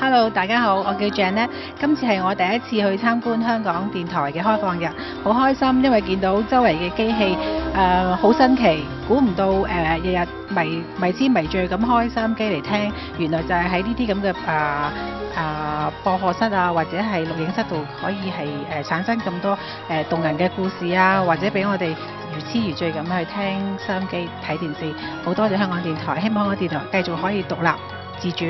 Hello，大家好，我叫 Janet。今次係我第一次去參觀香港電台嘅開放日，好開心，因為見到周圍嘅機器誒好、呃、新奇，估唔到誒、呃、日日迷迷之迷醉咁開收音機嚟聽，原來就係喺呢啲咁嘅啊啊播客室啊或者係錄影室度可以係誒、呃、產生咁多誒、呃、動人嘅故事啊，或者俾我哋如痴如醉咁去聽收音機睇電視。好多謝香港電台，希望香港電台繼續可以獨立自主。